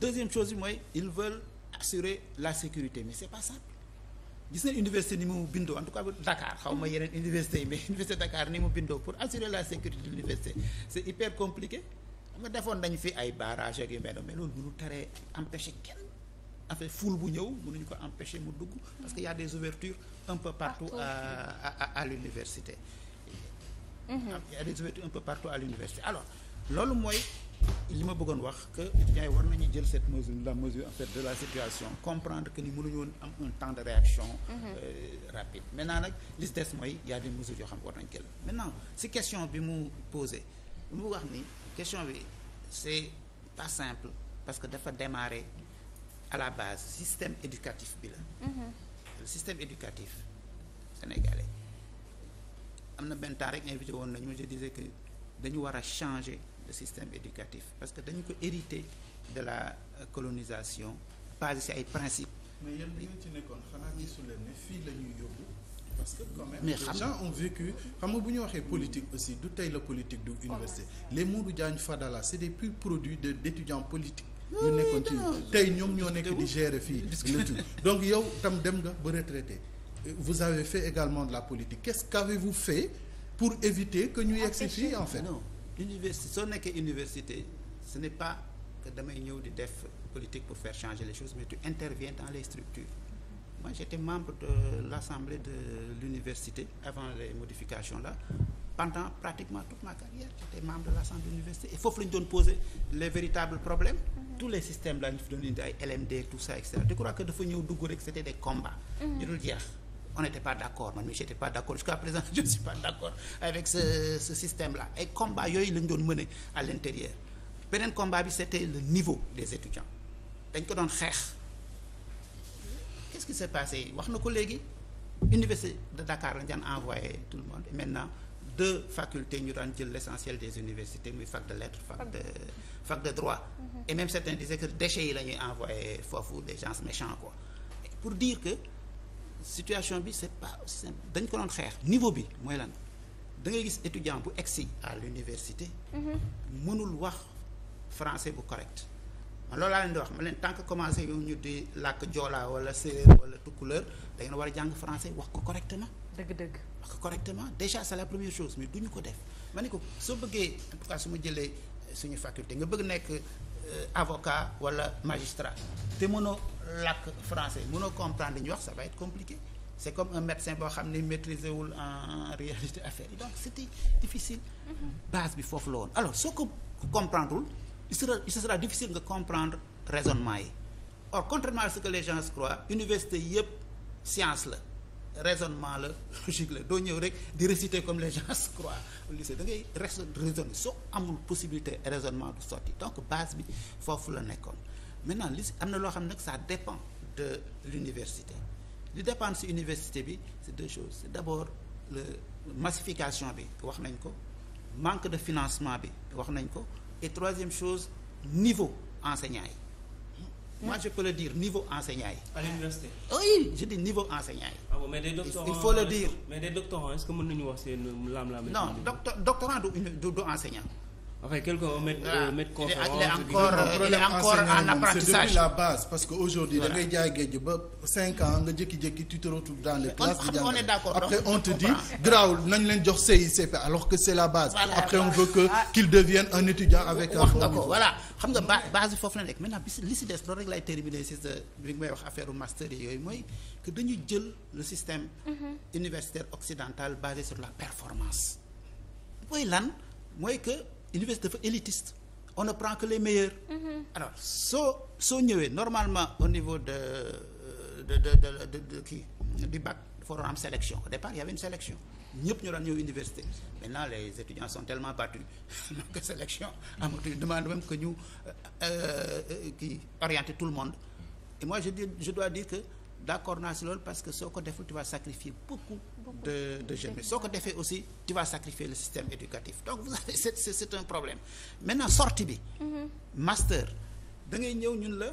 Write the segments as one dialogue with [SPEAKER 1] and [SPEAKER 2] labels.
[SPEAKER 1] deuxième chose bi mooy ils veulent assurer la sécurité mais c'est pas simple gis nañ université ni mu bindoo en tout cas Dakar xaw ma yeneen université yi mais université Dakar ni mu bindoo pour assurer la sécurité de l'université c'est hyper compliqué xam nga defoon nañ fi ay barrage ak yu mel mais loolu mënu teree empêcher kenn affaire foule bu ñëw mënuñu ko empêcher mu dugg parce que y a des ouvertures un peu partout à l'université. Mm-hmm. Ah, y a des ouvertures un peu partout alors loolu li ma bëggoon wax que étudiants yi war nañu jël cette mesure la mesure en de la situation comprendre que ni ñu woon am un temps de réaction mhm. euh, rapide maintenant nag li si des mooy y a des mesures yoo xam ne war nañ jël maintenant si question bi mu posé mu wax ni question bi c'est pas simple parce que dafa démarrer à la base système éducatif bi la mhm. le système éducatif sénégalais am na benn temps rek invité woon nañu je disais que dañu war a changer le système parce que dañu ko hérité de la euh, colonisation basé ci ay principes. mais yéen ñi ci nekkoon xanaa gisu leen ne fii la ñuy yóbbu. parce que quand même. mais les gens ont xam nga bu ñu waxee politique aussi du tey la politique du université les Modou Diagne Fadala c'est des purs produits de d'étudiants politiques. ñu nekkoon ci tey ñoom ñoo nekk di gérer fii donc yow tam dem nga ba retraité vous avez fait également de la politique qu'est-ce qu'avez-vous fait pour éviter que ñu yegg si fii en fait. université soo nekkee université ce n'est pas que damay ñëw di def politique pour faire changer les choses mais tu interviens dans les structures moi j'étais membre de l'assemblée de l'université avant les modifications là pendant pratiquement toute ma carrière j'étais membre de l'assemblée de l'université et foofu la doon poser les véritables problèmes mhm. tous les systèmes là ñu fi doon indi ay LMD tout ça et cetera crois que dafa ñëw dugg rek c'était des combats mhm. jeex on n'était pas d'accord man mii j'étais pas d'accord jusqu'à présent je pas d'accord avec ce système là ay combat yooyu lañ doon mëne à l'intérieur beneen combat bi c'était le niveau des étudiants dañ ko doon xeex qu'est-ce qui s'est passé wax na ko léegi université de Dakar lañ daan envoyé tout le monde maintenant deux facultés ñu daan jël l'essentiel des universités muy fac de lettres fac de fac de droit mm-hmm. et même certains disaient que déchets yi la ñuy envoyé foofu des gens méchants situation bi c'est pas dañ ko doon xeex niveau bi mooy lan da ngay gis étudiant bu egsi à l'université mm-hmm. mënul wax français bu correct man loolu laa leen di wax ma leen tant que commencé yow ñu di làkk joolaa wala séeréer wala tukkuleur da ngeen war a jàng français wax ko correctement dëgg-dëgg wax ko correctement déjà c'est la première chose mais du ñu ko def ma ne ko soo bëggee en su ma jëlee euh, suñu faculté nga bëgg nekk euh, avocat wala magistrat làkk français mënoo comprendre li ñuy wax sa va être compliqué c'est comme un médecin boo xam ne maîtriser wul en réalité affaire yi donc c'était difficile mm-hmm. base bi foofu la woon alors soo ko comprendre wul il sera sera difficile nga comprendre raisonnement yi or contrairement à ce que les gens croient université yëpp science la raisonnement la logique la doo ñëw rek di réciter comme les gens croient au lycée da ngay soo amul possibilité raisonnement du sotti donc bi foofu la nekkoon maintenant li am na loo xam nag sa dépend de l'université li dépend si université bi c'est deux choses c'est d'abord le massification bi wax nañ ko manque de financement bi wax nañ ko et troisième chose niveau enseignant yi moi je peux le dire niveau enseignant yi. à l'université. oui je dis niveau enseignant yi. ah bon mais des doctorants il faut le dire. est-ce nañu wax seen lam-lam. non doctor doctorant du du après quelqu'un va mettre ah, mettre conférence il est encore il est c'est la base parce que aujourd'hui da ngay jaay géej ba cinq ans nga jékki-jékki tu te après on te dit garaawul nañ leen jox CICP alors que c'est la base après on veut ah. qu'il devienne un étudiant avec un foofu la nekk maintenant bis li si des loolu rek lay terminer si bi may wax affaire master yooyu mooy que dañu jël le système mhm. universitaire occidental basé sur la performance mooy lan mooy que université dafa élitiste on ne prend que les meilleurs. Mhm. alors soo soo ñëwee normalement au niveau euh, de de de de de kii du bac dafa waroon am sélection au départ il y avait une sélection ñëpp ñu daan ñëw université maintenant les étudiants sont tellement battus que sélection amatuñu demande même que ñu euh, euh, kii orienter tout le monde et moi je dire que. d'accord naa si loolu parce que soo ko deful tu vas sacrifier beaucoup de de jeunes soo ko defee aussi tu vas sacrifier le système éducatif donc vous avez c'est c'est un problème maintenant sortie bi mm-hmm. master da ngay ñëw ñun la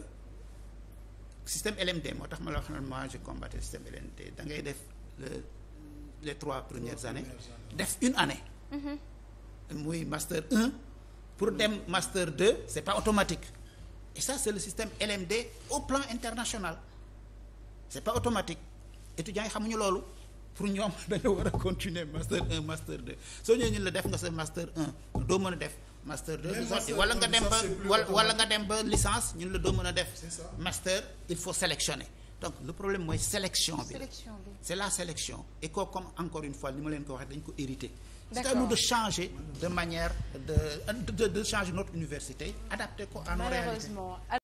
[SPEAKER 1] système LMD moo tax ma la wax ne moi je combattais système LMD da ngay def le les trois premières def une année mm-hmm. muy master 1 pour dem master 2 c'est pas automatique et ça c'est le système LMD au plan international c'est pas automatique étudiants yi xamuñu loolu pour ñoom da nga war a continuer master 1 master 2 soo ñëwee ñu la def nga sa master 1 doo mën a def. master 2 wala nga dem ba wala nga dem licence ñun la doo mën a def. master il faut sélectionner donc le problème mooy sélection bi. c'est la sélection et kooku comme encore une fois ni ma leen ko waxee dañ ko hérité. c'est à nous de changer de manière de de changer notre université adapté ko à nos réalités.